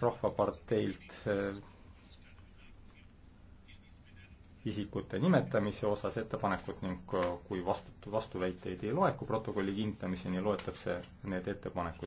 Rahvaparteilt äh, isikute nimetamise osas ettepanekut ning äh, kui vastu, vastuväiteid ei loeku protokolli kinnitamiseni, loetakse need ettepanekud